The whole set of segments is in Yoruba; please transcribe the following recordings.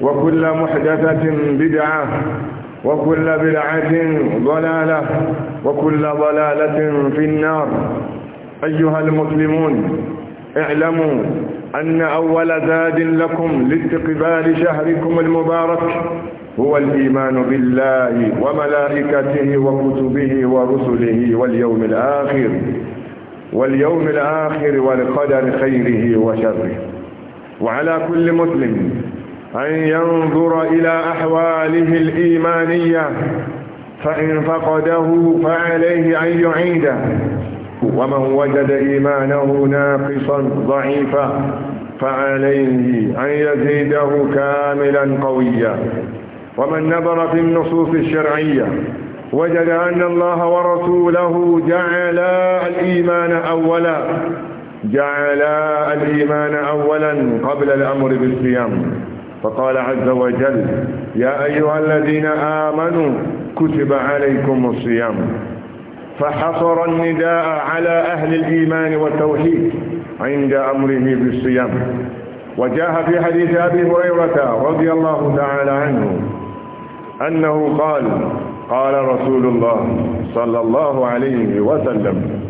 وكل محدثة بدعة وكل بدعة ضلالة وكل ضلالة في النار أيها المسلمون اعلموا أن أول زاد لكم لاستقبال شهركم المبارك هو الإيمان بالله وملائكته وكتبه ورسله واليوم الآخر واليوم الآخر والقدر خيره وشره وعلى كل مسلم أن ينظر إلى أحواله الإيمانية فإن فقده فعليه أن يعيده ومن وجد إيمانه ناقصا ضعيفا فعليه أن يزيده كاملا قويا ومن نظر في النصوص الشرعية وجد أن الله ورسوله جعل الإيمان أولا جعل الإيمان أولا قبل الأمر بالصيام فقال عز وجل يا أيها الذين آمنوا كتب عليكم الصيام فحصر النداء على أهل الإيمان والتوحيد عند أمره بالصيام وجاء في حديث أبي هريرة رضي الله تعالى عنه أنه قال قال رسول الله صلى الله عليه وسلم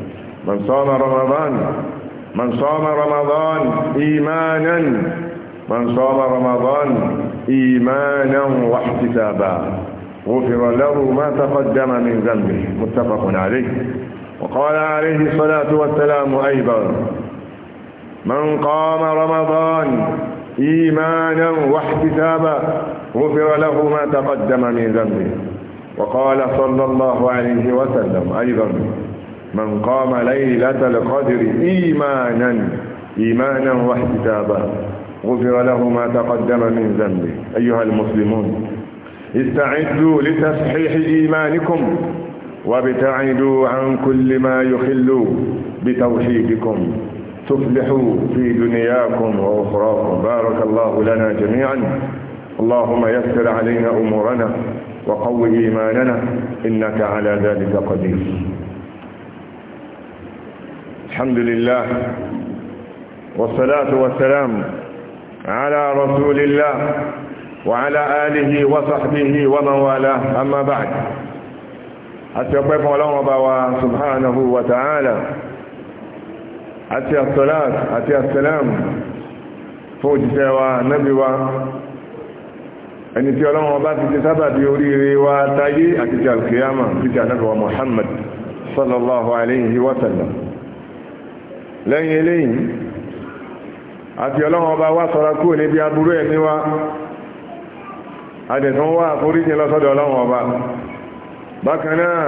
من صام رمضان من صام رمضان إيمانا من صام رمضان إيمانا واحتسابا غفر له ما تقدم من ذنبه متفق عليه وقال عليه الصلاة والسلام أيضا من قام رمضان إيمانا واحتسابا غفر له ما تقدم من ذنبه وقال صلى الله عليه وسلم أيضا من قام ليلة القدر إيمانا إيمانا واحتسابا غفر له ما تقدم من ذنبه أيها المسلمون استعدوا لتصحيح إيمانكم وابتعدوا عن كل ما يخل بتوحيدكم تفلحوا في دنياكم وأخراكم بارك الله لنا جميعا اللهم يسر علينا أمورنا وقو إيماننا إنك على ذلك قدير الحمد لله والصلاة والسلام على رسول الله وعلى آله وصحبه ومن والاه أما بعد أتوقف الله بوا سبحانه وتعالى أتي الصلاة أتي السلام فوج سوى نبي و ẹni tí ọlọ́run ọba ti ti sábà bí oríire wa táyé àti ti alkiyama títí àdábọ̀wà Muhammad sallallahu alayhi wa lẹ́yìn eléyìn àti ọlọ́run ọba wá ṣọ́ra kúrò níbi aburú ẹ̀mí wa adẹ̀tún wá àforíjì lọ́sọ́dọ̀ ọlọ́run ọba bákan náà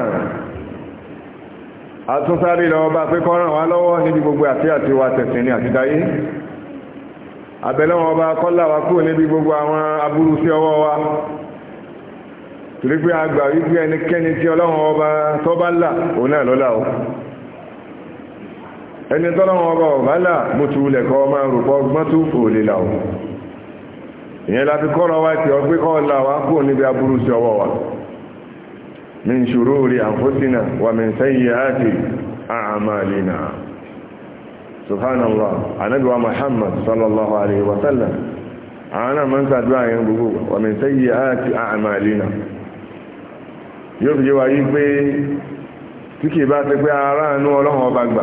àtúnsáré lọ́wọ́ bá pé kọ́ràn wá lọ́wọ́ níbi gbogbo àti àti wa tẹ̀sìn ní àtidáyé àbẹ̀lọ́wọ́ ọba kọ́lá wa kúrò níbi gbogbo àwọn aburú sí ọwọ́ ẹni tọ́lọ́wọ́ ọba ọ̀bálà bó ti wulẹ̀ kọ́ ọmọ rúpọ̀ ọgbọ́n tó fò lè là ọ́ ìyẹn láti kọ́rọ̀ wá ti ọgbẹ́ kọ́ ọ̀la wá níbi aburú sí ọwọ́ wa min sayi anfusina wa min a'malina subhanallah anabi wa sallallahu alaihi wa sallam wa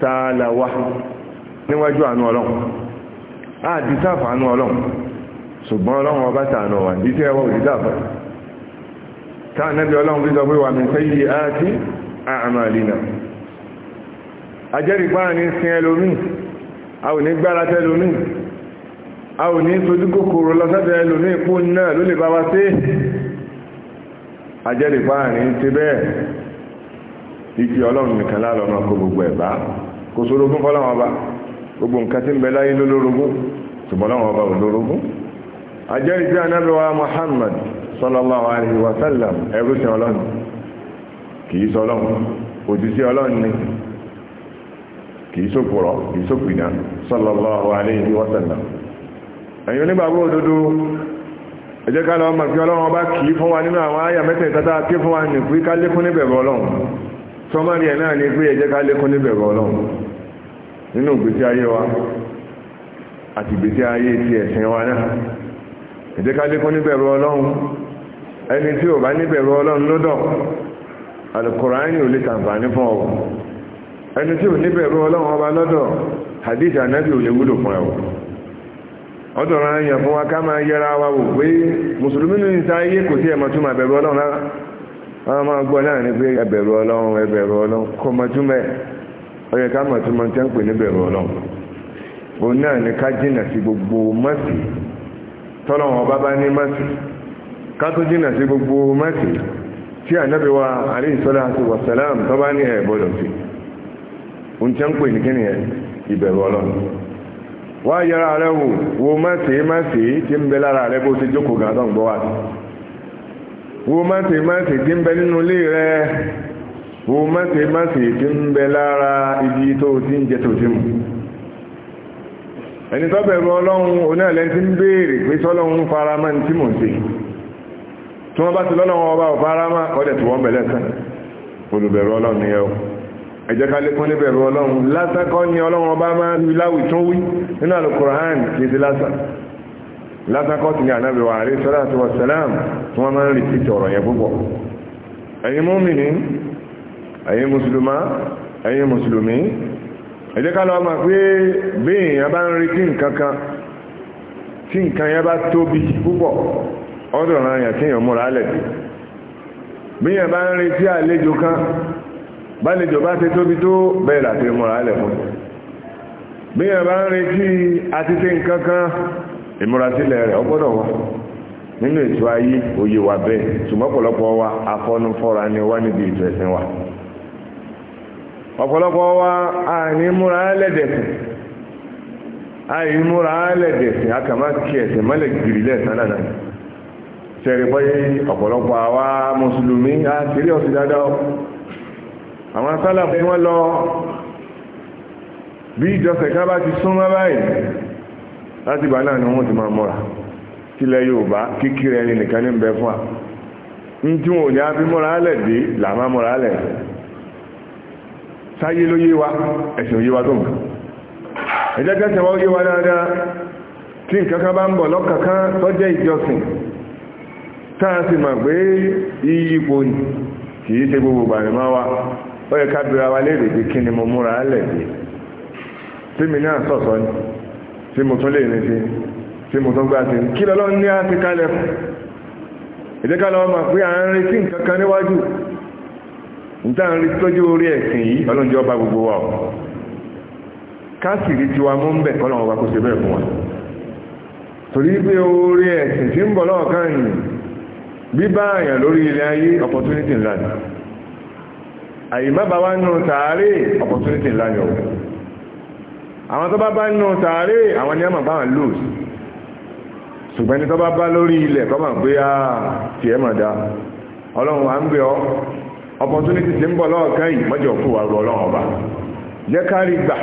tààlà wá níwájú àánú ọlọ́run a dìtàfà àánú ọlọ́run ṣùgbọ́n ọlọ́run ọba tàànà wà dìtẹ́ ẹwọ́ dìtàfà tàànàbí ọlọ́run bí sọpé wà mí sẹ́yí àti àmàlìnà ajẹ́rìpá ní sin ẹlòmí a ò ní gbára tẹ́lòmí a ò ní sojú kòkòrò lọ́sẹ́dẹ̀ ẹlòmí ọlọ́run nìkan lálọ́nà kó gbogbo ẹ̀bá kò sórogún fọ́lọ́wọ́n ọba gbogbo nǹkan tí ń bẹ láyé lólórógún ṣùgbọ́n láwọn ọba olórógún àjẹ́rìí tí ànábì wa Muhammad sallallahu alaihi wa sallam ẹrú sí ni kìí sókùrọ̀ sallallahu alaihi wa sallam ẹ̀yin onígbàgbọ́ òdodo ẹjẹ́ ká lọ́wọ́ mọ̀ kí ọlọ́run ọba kìí fún wa nínú àwọn àyà mẹ́tẹ̀ẹ̀ta tá a fún wa nìkú ká lékún níbẹ̀rẹ̀ ọlọ́run sọmárì ẹ̀ náà ni pé ẹ jẹ́ ká lékún níbẹ̀rù ọlọ́run nínú ìgbésí ayé wa àti ayé ti ẹ̀sìn wa náà ẹ ká lékún níbẹ̀rù ọlọ́run ẹni tí ò bá ò lè ọba lọ́dọ̀ hadith anabi ò lè wúlò fún ẹ fún wa ká wọ́n ma gbọ́ náà ní pé ẹbẹ̀rù ọlọ́run ẹbẹ̀rù ọlọ́run kò mọ̀ túmẹ̀ ó ká mọ̀ túmọ̀ tí wọ́n pè ní bẹ̀rù ọlọ́run gbogbo mọ́sì tọ́lọ́run ọba bá ní mọ́sì ká tó jìnà sí gbogbo mọ́sì tí ànábì wa wa tó bá ní ẹ̀ gbọ́dọ̀ sí òun tí pè ní wo mọ́tẹ̀ mọ́tẹ̀ tí ń bẹ rẹ wo mọ́tẹ̀ mọ́tẹ̀ tí lára ibi tó ti ń jẹ tó ti mú ẹni tó ọlọ́run onílẹ̀ tí ń béèrè pé sọ́lọ́run fara ti tí ọba ọdẹ̀ tí wọ́n bẹ̀lẹ̀ sàn ọlọ́run ká lékún ní ọlọ́run lásán ọba ń látàkọ́tù ní ànábì wa alayhi salatu wa salam tí wọ́n máa ń rí títí ọ̀rọ̀ yẹn púpọ̀ ẹ̀yin mùmínì ẹ̀yin mùsùlùmá ẹ̀yin mùsùlùmí ẹ jẹ́ ká lọ máa pé bí èèyàn bá ń retí nǹkan kan tí nǹkan yẹn bá tóbi púpọ̀ ọdọ̀ ọ̀ràn àyàn tí èèyàn múra lẹ̀ bí èèyàn bá ń retí àlejò kan bálejò bá ti tóbi tó bẹ́ẹ̀ làti ìmúrasílẹ̀ rẹ̀ ọgbọ́dọ̀ wá nínú ètò ayé òye wà bẹ́ẹ̀ ṣùgbọ́n ọ̀pọ̀lọpọ̀ wa fọrọ ni wá níbi ètò ẹ̀sìn wa ọ̀pọ̀lọpọ̀ wa àní múra lẹ́dẹ̀sìn àì múra lẹ́dẹ̀sìn akàmá kí ẹ̀sìn mọ́lẹ̀ gírí lẹ́sàn náà ọ̀pọ̀lọpọ̀ mùsùlùmí á ọ̀sìn dáadáa àwọn sálà fún wọn lọ bí bá ti súnmọ́ báyìí láti ìgbà náà ni wọ́n ti máa mọ́ra tilẹ̀ Yorùbá kíkiri ẹni nìkan ní ń fún wa ń tí wọn ò ní abí mọ́ra alẹ̀ dé làmá mọ́ra alẹ̀ sáyé ló yé wa ẹ̀sìn ò yé wa tó mọ̀ ẹ̀jẹ̀ kẹsàn wọ́n yé wa dáadáa tí nǹkan bá ń gbogbo máa wa ó yẹ ká wa léèrè pé kí tí mo tún lè ní sí tí mo tún gbá sí kí lọ́lọ́ ní a ti kalẹ̀ fún ìdíkàlọ́ ọmọ pé ń níwájú níta ń tọ́jú orí ẹ̀sìn yìí ọlọ́njẹ́ ọba gbogbo wa ọ̀ káàsìrì wa mú ń bẹ̀ kọ́lọ̀ ọba bẹ́ẹ̀ fún wa torí pé orí ẹ̀sìn tí ń bọ̀ àyàn lórí ilẹ̀ ayé opportunity ńlá ni àyè má bá àwọn tó bá bá nù sàárè àwọn ní àmà báwọn lò sí ṣùgbọ́n ní tó bá bá lórí ilẹ̀ kọ́ máa pé á ah, ti ẹ̀ mà dá ọlọ́run wa ń gbé ọ opportunity ti ń bọ̀ lọ́ọ̀kan yìí mọ́jọ fún wa rú ọlọ́run ọba jẹ́ ká rí gbà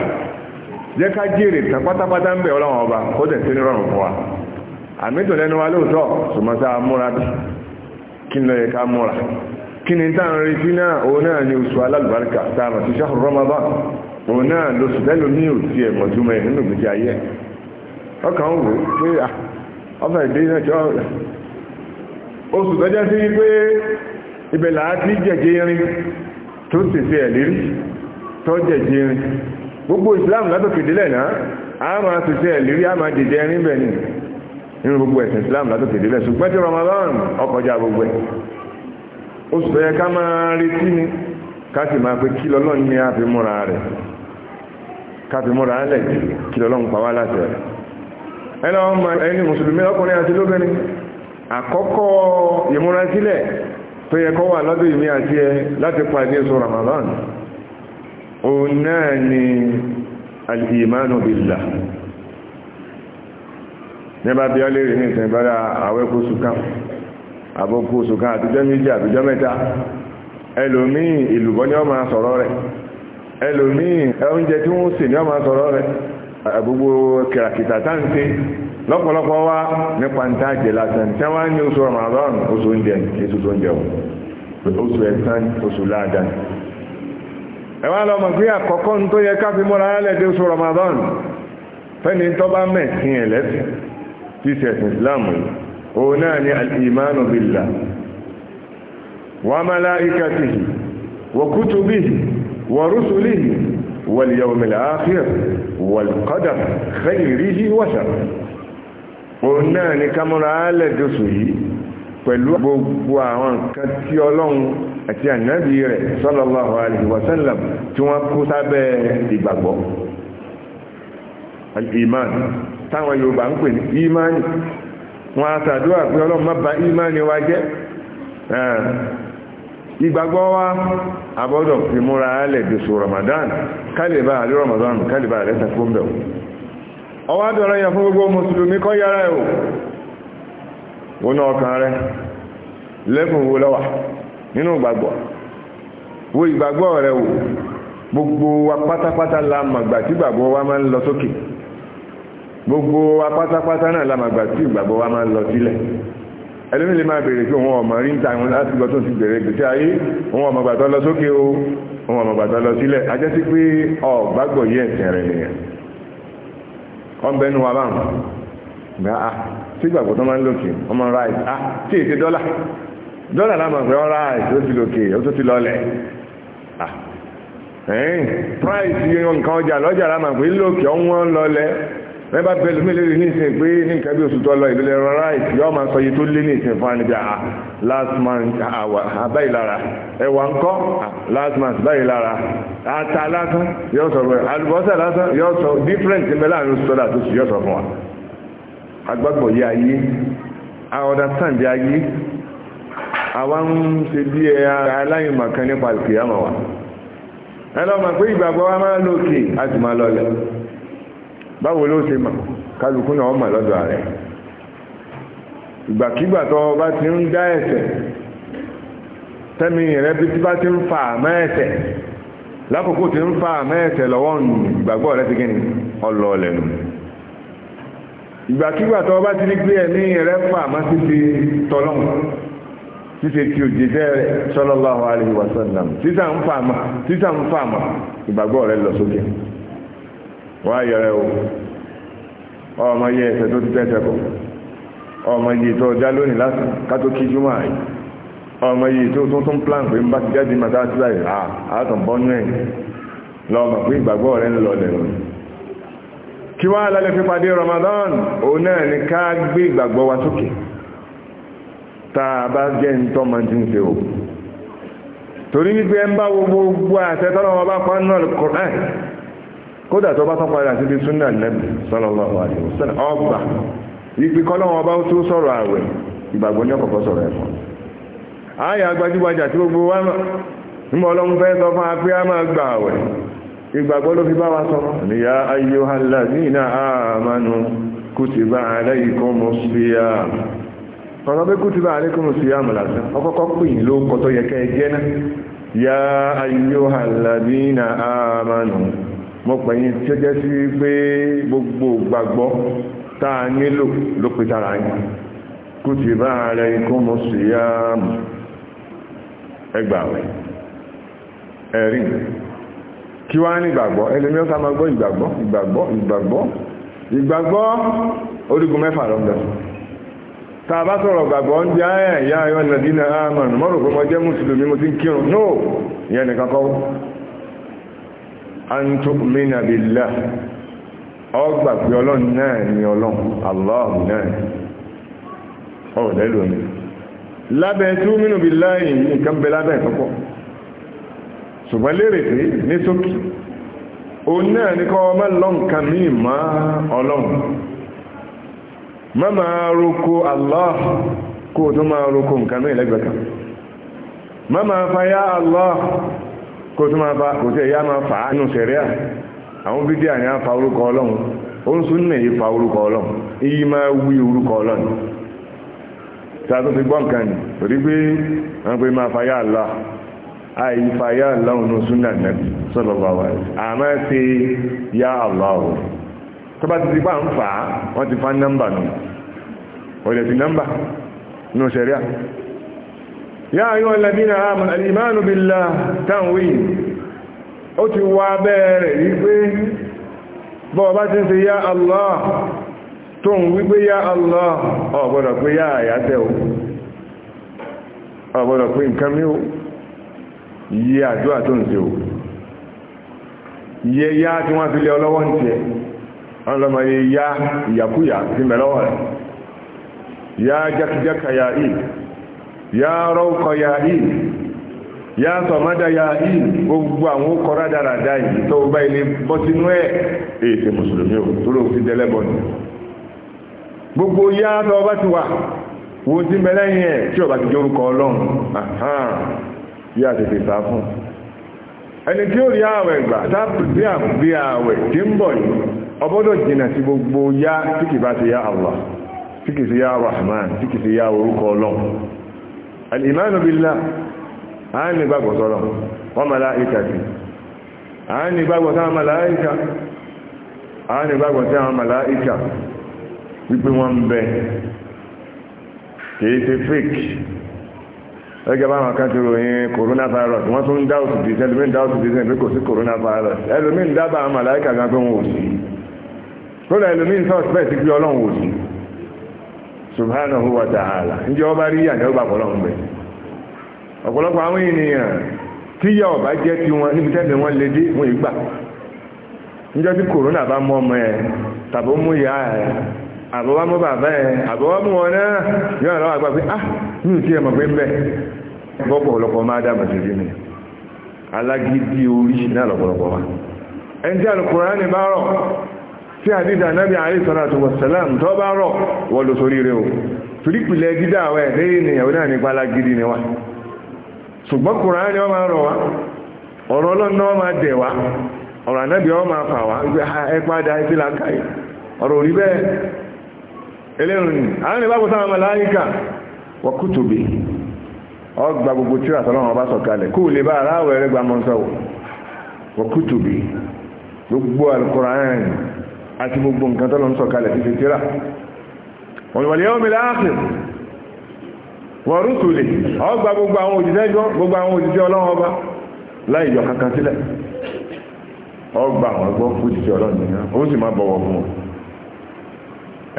jẹ́ ká jèrè tán pátápátá ń bẹ̀ ọlọ́run ọba kó dẹ̀ sí ní rọrùn fún wa àmì tó lẹ́nu wa lóòótọ́ sùmọ́sá múra bí kí ló yẹ ká múra kí ni tá ń retí náà òun náà ni oṣù alálùbáríkà tá a mọ̀ ṣáà rọmọdán òun náà ló sùn lẹ́nu mi ò tiẹ̀ mọ̀túmọ̀ ẹ̀ nínú ìgbésí ayé ẹ̀ ọkàn wò pé ọfà ìdí náà tí oṣù tọ́jọ́ sí pé ibẹ̀ làá tí jẹ̀jẹ̀ rin tó sì fi gbogbo Islam máa sì fi máa ni nínú gbogbo ẹ̀sìn Islam Ramadan gbogbo ẹ̀ tọ́jọ́ ká máa retí ni ká sì máa pe kí lọ́lọ́ káfí mọ́ra alẹ́ jù kí lọ́lọ́run pa wá láti rẹ̀ ẹni ọmọ ẹni mùsùlùmí ọkùnrin àti lóbìnrin àkọ́kọ́ ìmúrasílẹ̀ tó yẹ kọ́ wà lọ́dọ̀ ìmí àti ẹ láti pàdé oṣù Ramadan òun náà ni al-imanu billah nígbà bí ọ lè rí ní ìsìn bára àwẹ́kú sùkán àbókú sùkán àtijọ́ méjì àtijọ́ mẹ́ta ẹlòmíì ìlúbọ́ ni ọ máa sọ̀rọ̀ rẹ̀ ẹlòmíì oúnjẹ tí wọ́n sì ní ọmọ sọ̀rọ̀ rẹ̀ gbogbo kìràkìtà táǹtì lọ́pọ̀lọpọ̀ wá nípa ń tá jẹ lásán tí wọ́n ní oṣù Ramadan oṣù oúnjẹ oṣù tó ń jẹun oṣù ẹ̀sán oṣù láàdán ẹ̀wọ́n lọ mọ̀ pé àkọ́kọ́ ń tó yẹ káfí mọ́ra lẹ́dẹ̀ oṣù Ramadan fẹ́ni tó bá mẹ̀sìn ẹ̀lẹ́sìn tí sẹ̀sìn Islam yìí òun náà ni al-imanu billah wa malaikatihi wa kutubihi ورسله واليوم الآخر والقدر خيره وشره òun náà ni kámọ́ra alẹ́dọ́sù yìí pẹ̀lú gbogbo àwọn nǹkan tí ọlọ́run àti ànábì rẹ̀ sallallahu alaihi wa sallam tí wọ́n kó sábẹ́ ìgbàgbọ́ al-iman táwọn yorùbá ń pè ní imani wọ́n á ṣàdúrà pé ọlọ́run má bà imani wa jẹ́ ìgbàgbọ́ wa àbọ́dọ̀ fi múra alẹ̀ dèṣò Ramadan kálẹ̀bà àrí Ramadan kálẹ̀bà rẹ̀ tàkóbẹ̀ ọwá dọ̀rọ̀ yà fún gbogbo mùsùlùmí kọ́ yára ẹ̀ wọ́n ọkàn rẹ̀ wo lọ́wà nínú ìgbàgbọ́ wo ìgbàgbọ́ wò gbogbo wa pátápátá la màgbà tí ìgbàgbọ́ gbogbo wa pátápátá náà la màgbà tí ẹlẹ́mì lè máa bèèrè pé wọn ọmọ rí ń ta àwọn láti gbọ́ tó ti bẹ̀rẹ̀ gbèsè ayé wọn ọmọ gbàtọ́ lọ sókè o wọn ọmọ gbàtọ́ lọ sílẹ̀ ajẹ́ sí pé ọ̀gbàgbọ̀ yẹ ẹ̀sìn rẹ̀ nìyẹn ọ̀nbẹ́nu wa bá ń gbà á sí ìgbàgbọ́ tó máa ń lòkè ọmọ ráìsì á ah, tí èsì dọ́là dọ́là láàmà pé ọ́n ráìsì ó ti lòkè ó tó ti lọlẹ̀ ah, ẹ̀ẹ́n price yẹn nǹkan mẹ́bà pẹ̀lú mi lérí ní ìsìn pé ní nǹkan bí oṣù tó lọ ìbílẹ̀ rọ ráìtì yọ́ máa sọ iye tó lé ní ìsìn fún àníbi àá ah, last man ah, ah, báyìí lára ẹ̀wà ńkọ́ last month, báyìí lára ata lásán yóò sọ fún àlùbọ́sà lásán yóò sọ different ń bẹ láàrin oṣù tó dà tó sì yóò sọ fún wa. agbágbọ̀ yé ayé a understand yé ayé àwa ń ṣe bí ẹ aláyìn màkàn nípa ìkìyàmọ̀ wa ẹ lọ́ọ́ mọ̀ pé ìgbàgbọ́ wa máa lókè a sì máa báwo ló ṣe mọ̀ kálukú náà mọ̀ lọ́dọ̀ rẹ̀ ìgbàkígbà tó bá ti ń dá ẹ̀ṣẹ̀ tẹ́mi rẹ̀ bí tí bá ti ń fa àmọ́ ẹ̀ṣẹ̀ lákòókò tí ń fa àmọ́ ẹ̀ṣẹ̀ lọ́wọ́ nù ìgbàgbọ́ rẹ̀ ti gẹ̀ ní ọlọ́ọ̀lẹ̀ nù ìgbàkígbà tó bá ti ní gbé ẹ̀mí rẹ̀ fa àmọ́ títí tọ́lọ́mù títí tí ò jẹ́jẹ́ rẹ̀ sallallahu alaihi wasallam títà ń fa àmọ́ ìgbàgbọ́ rẹ̀ lọ sókè wá yẹrẹ o ọmọ yẹ ẹsẹ̀ tó ti tẹ́sẹ̀ bọ̀ ọmọ yìí tó já lónìí láti kátó kí júmọ́ àyè ọmọ yìí tó tó tún plan pé ń bá ti jáde màtá sí láì rà ah, àátàn bọ́nú ẹ̀ lọ́mọ pé ìgbàgbọ́ rẹ̀ ń lọlẹ̀ rẹ̀ kí wá lálẹ́ fi pàdé Ramadan òun náà ni ká gbé ìgbàgbọ́ wa sókè tá a bá jẹ́ ń tọ́ máa ti ń ṣe o torí wípé ń bá gbogbo àṣẹ bá pa nínú kódà tó bá tán padà síbi súnà nẹ́bì sallallahu alaihi ọgbà ipi kọ́lọ́wọ́n ọba tó sọ̀rọ̀ àwẹ̀ ìgbàgbọ́ ní ọkọ̀kọ́ sọ̀rọ̀ ẹ̀fọ́ gbajúgbajà tí gbogbo wa mọ̀ ma sọ fún apẹ́ a máa gbà àwẹ̀ ìgbàgbọ́ ló fi bá wa sọ ya ayyuhal ladhina amanu ọ̀nà mo pè yín tí ó jẹ́ sí pé gbogbo gbàgbọ́ tá a nílò ló pe tara yín kutiba alaykumu siyam ẹgbàwẹ̀ ẹ̀rí kí wá ní ìgbàgbọ́ ẹlẹ́mí ọ̀sá máa gbọ́ ìgbàgbọ́ ìgbàgbọ́ ìgbàgbọ́ ìgbàgbọ́ orígun mẹ́fà lọ́gbẹ̀ tá a bá sọ̀rọ̀ gbàgbọ́ ń jẹ́ ẹ̀yà ayọ́ nàdínà àmàrùn mọ́rùn-ún pé mo jẹ́ mùsùlùmí mo ti ń kírun no ìyẹn an tu'mina billah ọgbà pé ọlọ́run náà ni ọlọ́run Allah náà ọ̀dẹ́ lómi lábẹ́ tu'minu billahi nǹkan bẹ lábẹ́ ìtọ́pọ̀ ṣùgbọ́n lérè pé ní sókè o náà ní kọ́ ọmọ lọ́nkà míì má má máa roko kó tó máa roko nǹkan lẹ́gbẹ̀ẹ́ kó tó máa bá kò sí ẹ̀yà máa fà á nù sẹ̀ríà àwọn bídíà ni a fa orúkọ ọlọ́run ó ń sún náà yí fa orúkọ ọlọ́run èyí máa wí orúkọ ọlọ́run sàtún ti gbọ́n kan ní torí pé wọ́n pe máa fa yá àlá àì fa yá àlá òun ní súnà nàbí sallallahu alaihi àmọ́ ṣe yá àlá òun tó bá ti ti bá ń fà á wọ́n ti fa nọ́mbà nù ọ̀dẹ̀ ti nọ́mbà nù sẹ́ríà ya ayo aladina aman alimanu billah tanwi o ti wa bere wipe bo ba tin se ya allah ton wipe ya allah o gboro pe ya aya te o o ya pe nkan mi o ye adua ton se ya ti won fi an lo ya iyakuya ti me ya jakijaka ya ii ya ụkọ ya ìlú ya sọ̀mọ́dá ya ìlú gbogbo àwọn ó kọ́ra yìí tó bá ilé bọ́ ẹ̀ èsè mùsùlùmí ò tó ló gbogbo ya tó bá ti wà wo ti mẹ́lẹ́ yẹn tí ọba ti jórúkọ ọlọ́run yí sá fún ẹni tí ó rí ààwẹ̀ gbà ààwẹ̀ tí gbogbo ya tí kìí bá ti ya Allah tí kìí ya Rahman tí kìí ya orúkọ ọlọ́run الإيمان بالله a ní gbàgbọ́ sọ́rọ̀ wọ́n màláìkà sí a ní gbàgbọ́ sáwọn màláìkà a ní gbàgbọ́ sáwọn màláìkà wípé wọ́n ń bẹ kìí ṣe fake ẹgbẹ́ bá wọn kan ti ròyìn coronavirus wọ́n tún dá òtù dìísẹ́ ẹlòmíín dá òtù dìísẹ́ pé kò sí coronavirus ẹlòmíín dábàá màláìkà gan pé wọn ò sí kódà ẹlòmíín sọ́ọ̀sì bẹ́ẹ̀ sí pé ọlọ́run ò sí subhanahu wa ta'ala ndị ọba rí yà ní ọba ọ̀pọ̀lọpọ̀ ọ̀pọ̀lọpọ̀ àwọn ènìyàn tí yà ọba jẹ ti wọn níbi tẹ́lẹ̀ wọn lè dé wọn ìgbà tí kòrónà bá mú ọmọ tàbí ó mú ìyá mú bàbá mú wọn náà yọ àgbà pé ah mi ò tí ẹ̀ mọ̀ pé ń bẹ̀ bọ́pọ̀ ọ̀pọ̀lọpọ̀ máa dá màtìrí mi alágídí orí náà wa ẹni tí bá rọ̀ tí àdídà nabi bí àrí sọ́nà tó wọ̀sẹ̀lẹ́m tó bá rọ̀ wọ́n ló sórí rẹ̀ o torípìlẹ̀ dídà àwẹ̀ lẹ́yìn ni ìyàwó ni wá ṣùgbọ́n Kùránì ni wọ́n máa rọ̀ wá ọ̀rọ̀ ọlọ́nà ọ gbogbo àti gbogbo nǹkan tọ́lọ ń sọ kalẹ̀ ti fi tíra wal yawmil akhir wa rusuli ọgbà gbogbo àwọn òjìṣẹ́ jọ gbogbo àwọn òjìṣẹ́ ọlọ́run ọba láì yọ kankan sílẹ̀ ọgbà àwọn ọgbọ́ òjìṣẹ́ ọlọ́run nìyàn ó sì máa bọ̀wọ̀ fún wọn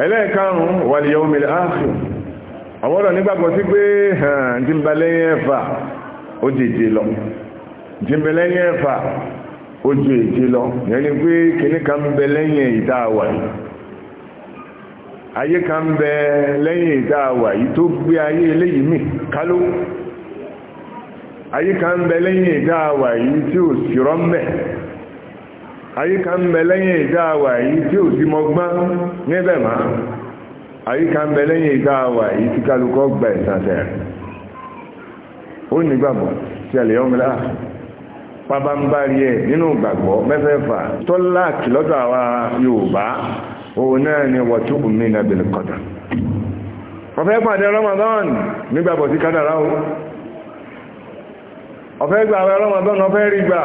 ẹlẹ́ẹ̀karùn-ún wal yawmil akhir nígbàgbọ́ sí pé hàn tí ń bẹ lẹ́yìn ẹ̀fà ó dìde lọ tí ń bẹ lẹ́yìn ẹ̀fà ojú èjì lọ yẹn ni pé kìnnì kan bẹ lẹ́yìn ìta àwà yìí ayé kan bẹ lẹ́yìn ìta àwà yìí tó gbé ayé eléyìí mì kálú ayé kan bẹ lẹ́yìn ìta àwà yìí tí ò sí rọ́mbẹ̀ ayé kan bẹ lẹ́yìn ìta àwà yìí tí ò sí mọgbọ́n níbẹ̀ máa ayé kan bẹ lẹ́yìn ìta àwà yìí tí kálukọ́ gba ó nígbàgbọ́ pabambari ẹ nínú ìgbàgbọ́ mẹ́fẹ̀ẹ̀fà tó láàkì àwa Yorùbá òun náà ni wọ̀túbù mí na bèlè kọ̀dà ọ̀fẹ́ pàdé Ramadan nígbàgbọ́ sí kádàrá o ọ̀fẹ́ gbà àwọn Ramadan ọ̀fẹ́ rí gbà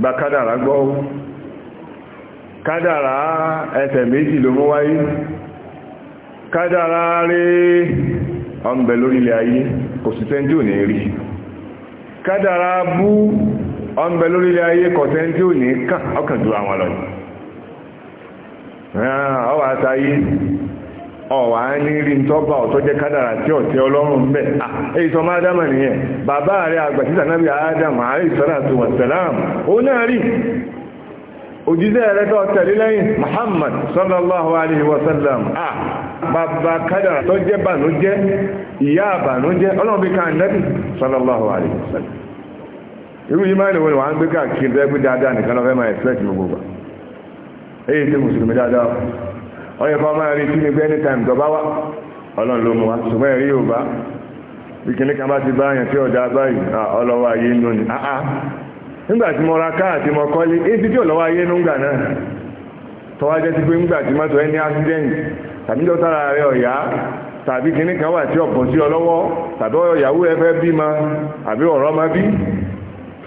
gbà kádàrá gbọ́ kádàrá ẹsẹ̀ méjì ló mú wáyé kádàrá rí ọmọbẹ̀ lórílẹ̀ ayé kò sí ọ̀nbẹ lórí ilé ayé kọ̀tẹ́ tí ò ní kàn ọkàn ju àwọn lọ ọwọ́ àtàyé ọ̀wà ní rí tọ́bà ọ̀tọ́ jẹ́ kádàrà tí ọ̀tẹ́ ọlọ́run bẹ́ èyí sọ máa dámà nìyẹn bàbá rẹ̀ àgbàtítà náà bí ádámà àríṣọ́ràtò wàsàlám ó náà rí òjíṣẹ́ rẹ̀ tó tẹ̀lé lẹ́yìn Muhammad sallallahu alaihi wasallam ah bàbá kádàrà tó jẹ́ bànújẹ́ ìyá bànújẹ́ ọlọ́run bí ká nẹ́bì sallallahu alaihi wasallam irú ìmáìlì wọn wọ́n ń gbé káàkiri tó ẹgbẹ́ dáadáa nìkan lọ́fẹ́ máa expect gbogbo gbà èyí tí mùsùlùmí dáadáa ọyẹ bá ọmọ rí kí ni anytime tó bá wá ọlọ́run ló mú wa ṣùgbọ́n ẹ̀rí yóò bá ìkíní kan bá ti bá yàn tí ọ̀dà báyìí ọlọ́wọ́ ayé ń lónìí nígbà tí mo ra káà tí mo èyí tí ọlọ́wọ́ ayé ti pé nígbà tí mọ́tò ẹni tàbí tó tára rẹ ọ̀yá tàbí kíní kan wà tí ọ̀pọ̀ sí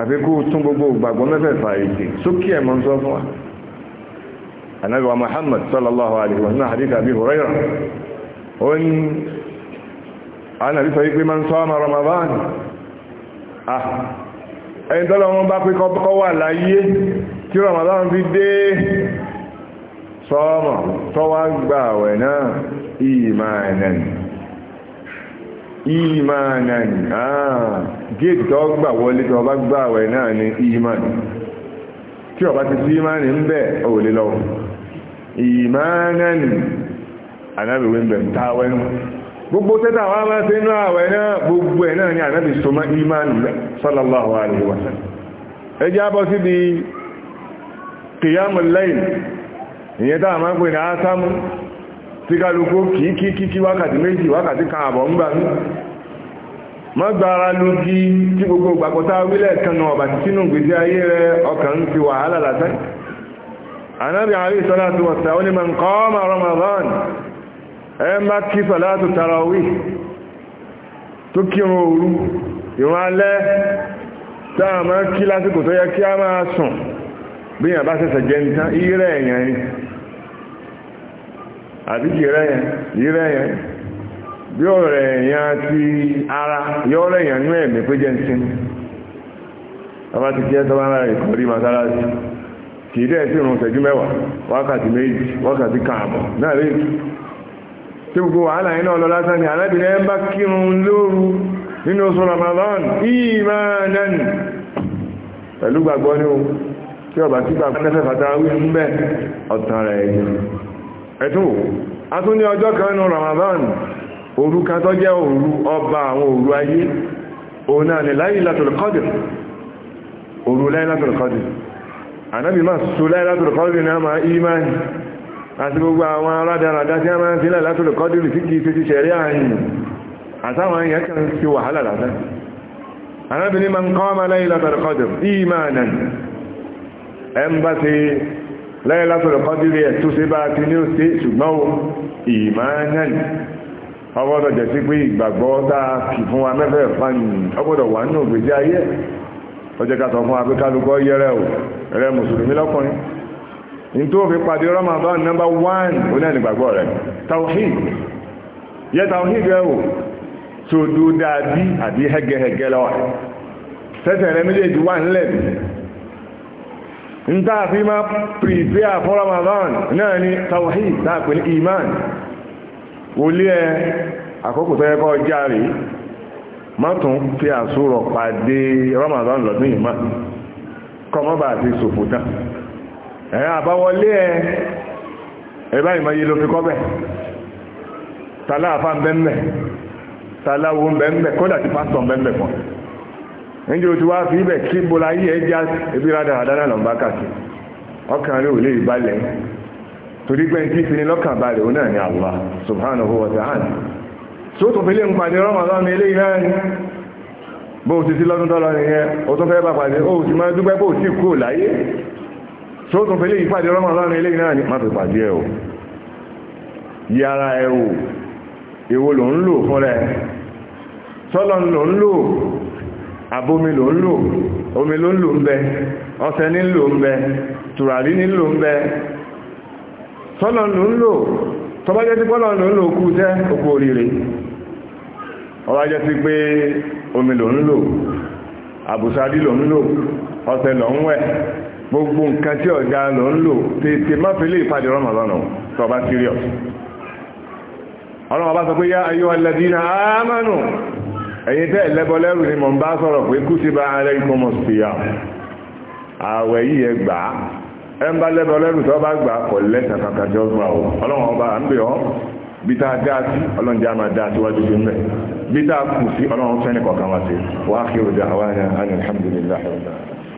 àfi kó tún gbogbo ìgbàgbọ́ mẹ́fẹ̀ẹ̀fà èdè sókè ẹ̀mọ́ ń sọ fún wa ànábì wa Muhammad sallallahu alaihi wa sallam hadith Abi Hurairah ó ní ànábì sọ wípé man sama Ramadan ah ẹni tọ́lọ wọn bá pé kọ́ wà láyé tí Ramadan fi dé sọ́ọ̀mọ̀ tọ́wà gbà náà ìmánàn ìmánàn ah géètì tó gbà wọlé tó ọba gbà àwẹ̀ náà ní ìmánì tí ọba ti sí ìmánì ń bẹ̀ ò lọ ìmánì anábìwé ń bẹ̀ táwẹ́ gbogbo tẹ́ta àwọn àmà sí inú àwẹ̀ náà gbogbo ẹ̀ náà ni sọmọ ìmánì sallallahu alaihi sí di ìyẹn mọ́ gbára lógi tí gbogbo gbàgbọ́ta wílẹ̀ kan náà ọ̀bà títí nù gbèsè ayé rẹ ọkàn ti wàhálà lásán anábì àárí sọ́látù wọ̀sá ó ní mọ̀ nǹkan ọmọ Ramadan ẹ má kí sọ́látù tarawí tó kírun òru ìrun alẹ́ táà máa kí lásìkò tó yẹ kí a máa sùn bí yàn bá sẹ́sẹ̀ jẹ́ nìtán ìrẹ́ ẹ̀yàn ni àbíkì rẹ̀ yẹn ìrẹ́ ẹ̀yàn yóò rẹ̀ èèyàn ti ara yóò rẹ̀ èèyàn ní ẹ̀mí pé jẹ́ ọba ti kí ẹ́tọ́ bá rẹ̀ ìkọrí masalasi kì í dẹ̀ sí ìrùn mẹ́wàá wákàtí méjì wákàtí náà tí gbogbo wàhálà iná ọlọ lásán ni alábìnrin ẹ bá kírun lóru nínú oṣù Ramadan ìmánan pẹ̀lú gbàgbọ́ ní o tí ọba tí gbàgbọ́ kẹfẹ́ fàtà wí ń bẹ́ ọ̀tàn rẹ̀ ẹ̀tún a tún ní Ramadan òru kan tó jẹ́ òru ọba àwọn òru ayé òun náà ni Laylatul Qadr òru Laylatul Qadr ànábì máa so Laylatul Qadr náà máa ìmáni àti gbogbo àwọn arádáradá tí a máa ń fi Laylatul Qadr sí kìí fi ṣẹ̀rí àyìn àtàwọn èèyàn kan ti wàhálà lásán ànábì ní man qama Laylatul Qadr ìmánan ẹn bá ọgbọ́dọ̀ jẹ́ sí pé ìgbàgbọ́ dáa kì fún wa mẹ́fẹ́ fáyìn ọgbọ́dọ̀ wà nínú ògbèjì ayé ọjọ́ ká fún yẹrẹ ò rẹ mùsùlùmí lọ́kùnrin ní tó fi pàdé Ramadan nọ́mbà wán oní ẹ̀nìgbàgbọ́ rẹ̀ tawhid yẹ tawhid rẹ̀ ò tó dáadí àbí hẹ́gẹ́hẹ́gẹ́ lọ́wọ́ rẹ̀ méjèèjì wà ní máa iman wòlé ẹ àkókò tó yẹ kọ́ járe má tún fi àsúrọ̀ pàdé Ramadan lọ́dún yìí má kọ́ mọ́ bá ti sòfò tán ẹ̀ àbáwọlé ẹ ẹ̀bá ló fi kọ́ bẹ̀ tàlá àfá ń bẹ́m̀bẹ̀ tàlá ti torí pé tí fi ní lọ́kàn balẹ̀ ó náà ni Allah subhanahu wa ta'ala tí ó tún fi lè ń pàdé Ramadan ilé iná ni bó ti sí lọ́dún tọ́lọ nìyẹn ó tún fẹ́ bá pàdé ó sì máa dúpẹ́ bó sì kú láyé tí ó tún fi lè ìpàdé Ramadan ilé iná ni má fi pàdé ẹ̀ o yára ẹ̀ o èwo ló ń lò fún rẹ̀ tọ́lọ ló ń lò abomi ló ń lò omi ló ń lò ń bẹ ọṣẹ ní lò ń bẹ tùràrí ní tọ́lọ̀ ló ń lò tọ́bá jẹ́ sí pọ́lọ̀ ló ń lò kú jẹ́ òkú oríire ọba jẹ́ sí pé omi ló ń lò àbùsádì ló ń lò ọ̀sẹ̀ ló ń wẹ̀ gbogbo nǹkan tí ọ̀gá ló ń lò tètè má fi lè ìpàdé rọ́mà lọ́nà tọba serious ọlọ́mọba sọ pé yá ayọ́ alẹ́dínà ámánù ẹ̀yin tẹ́ ẹ̀lẹ́bọ lẹ́rù ni mọ̀ ń bá sọ̀rọ̀ pé kú sí bá ẹnba lẹ́bọ̀ lẹ́rù tó bá gbà kọ̀ lẹ́sà kankan tí ó gbà ó ọlọ́run ọba à ń bè ọ́ bí tá a dá sí ọlọ́run jẹ́ àmà dá síwájú sí mẹ́ bí tá a kù sí ọlọ́run fẹ́ni kọ̀ọ̀kan wá sí wàá kí o dá wa ní alhamdulilayi